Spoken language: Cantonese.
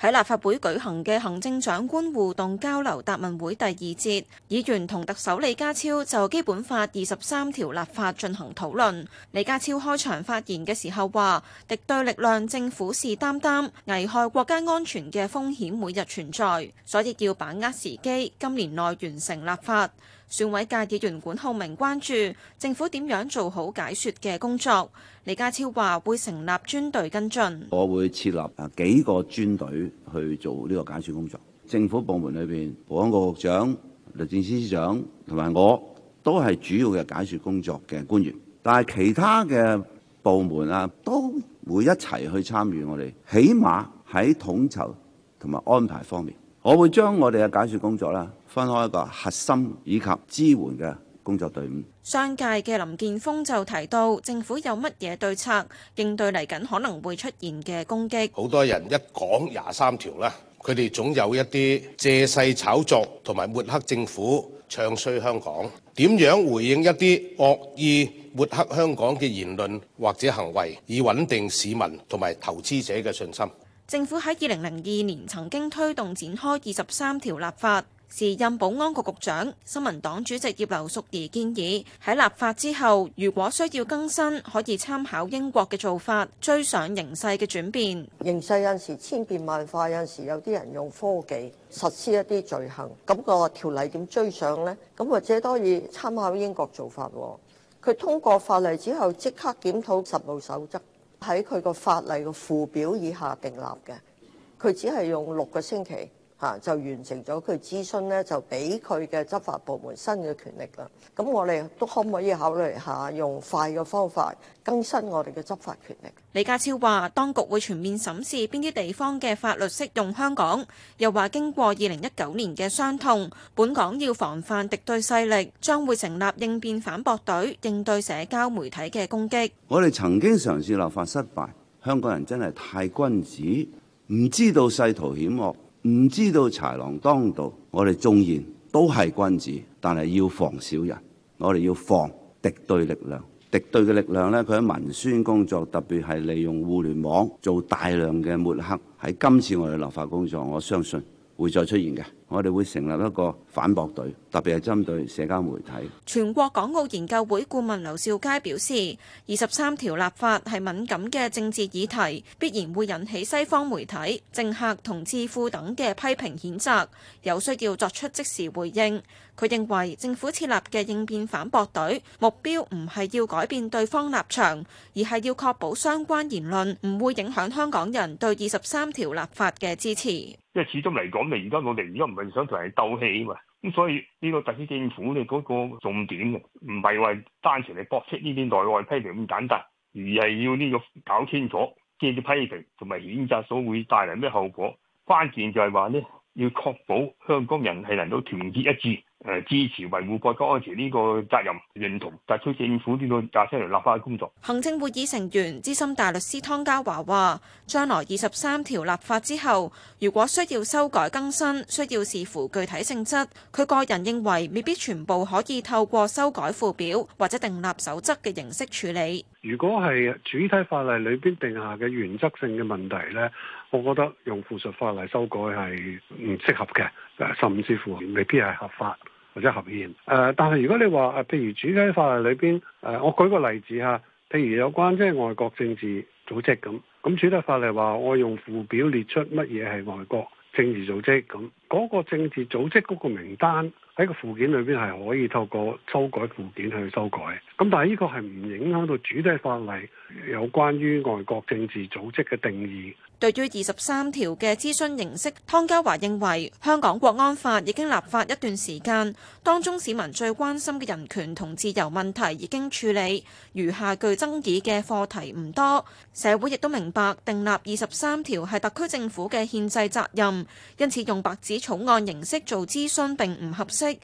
喺立法會舉行嘅行政長官互動交流答問會第二節，議員同特首李家超就《基本法》二十三條立法進行討論。李家超開場發言嘅時候話：敵對力量正虎視眈眈，危害國家安全嘅風險每日存在，所以要把握時機，今年內完成立法。選委界議員管浩明關注政府點樣做好解說嘅工作，李家超話會成立專隊跟進。我會設立啊幾個專隊去做呢個解說工作。政府部門裏邊，保安局局長、律政司司長同埋我都係主要嘅解說工作嘅官員，但係其他嘅部門啊，都會一齊去參與我哋。起碼喺統籌同埋安排方面。我會將我哋嘅解説工作啦，分開一個核心以及支援嘅工作隊伍。上屆嘅林健鋒就提到，政府有乜嘢對策應對嚟緊可能會出現嘅攻擊？好多人一講廿三條啦，佢哋總有一啲借勢炒作同埋抹黑政府、唱衰香港。點樣回應一啲惡意抹黑香港嘅言論或者行為，以穩定市民同埋投資者嘅信心？政府喺二零零二年曾經推動展開二十三條立法，時任保安局局長、新民黨主席葉劉淑儀建議喺立法之後，如果需要更新，可以參考英國嘅做法，追上形勢嘅轉變。形勢有陣時千變萬化，有陣時有啲人用科技實施一啲罪行，咁、那個條例點追上呢？咁或者都以參考英國做法。佢通過法例之後，即刻檢討實務守則。喺佢個法例個附表以下訂立嘅，佢只係用六個星期。嚇就完成咗佢諮詢咧，就俾佢嘅執法部門新嘅權力啦。咁我哋都可唔可以考慮下用快嘅方法更新我哋嘅執法權力？李家超話，當局會全面審視邊啲地方嘅法律適用香港。又話經過二零一九年嘅傷痛，本港要防範敵對勢力，將會成立應變反駁隊，應對社交媒體嘅攻擊。我哋曾經嘗試立法失敗，香港人真係太君子，唔知道世途險惡。唔知道豺狼當道，我哋縱然都係君子，但係要防小人。我哋要防敵對力量。敵對嘅力量咧，佢喺文宣工作，特別係利用互聯網做大量嘅抹黑。喺今次我哋立法工作，我相信，會再出現嘅，我哋會成立一個反駁隊，特別係針對社交媒體。全國港澳研究會顧問劉兆佳表示，二十三條立法係敏感嘅政治議題，必然會引起西方媒體、政客同智庫等嘅批評、譴責，有需要作出即時回應。佢認為政府設立嘅應變反駁隊目標唔係要改變對方立場，而係要確保相關言論唔會影響香港人對二十三條立法嘅支持。因為始終嚟講，你而家我哋而家唔係想同人鬥氣啊嘛，咁所以呢個特區政府呢嗰個重點唔係話單純嚟駁斥呢啲內外批評咁簡單，而係要呢個搞清楚呢啲批評同埋譴責所會帶嚟咩後果，關鍵就係話咧要確保香港人係能夠團結一致。支持維護國家安全呢個責任，認同特區政府呢個架勢嚟立法嘅工作。行政會議成員資深大律師湯家華話，將來二十三條立法之後，如果需要修改更新，需要視乎具體性質。佢個人認為，未必全部可以透過修改附表或者訂立守則嘅形式處理。如果係主體法例裏面定下嘅原則性嘅問題呢，我覺得用附屬法例修改係唔適合嘅，甚至乎未必係合法。或者合憲誒、呃，但係如果你話誒，譬、啊、如主體法例裏邊誒，我舉個例子嚇，譬如有關即係外國政治組織咁，咁主體法例話我用附表列出乜嘢係外國政治組織咁，嗰個政治組織嗰個名單喺個附件裏邊係可以透過修改附件去修改，咁但係呢個係唔影響到主體法例。有關於外國政治組織嘅定義，對於二十三條嘅諮詢形式，湯家驊認為香港國安法已經立法一段時間，當中市民最關心嘅人權同自由問題已經處理，餘下具爭議嘅課題唔多，社會亦都明白訂立二十三條係特區政府嘅憲制責任，因此用白紙草案形式做諮詢並唔合適。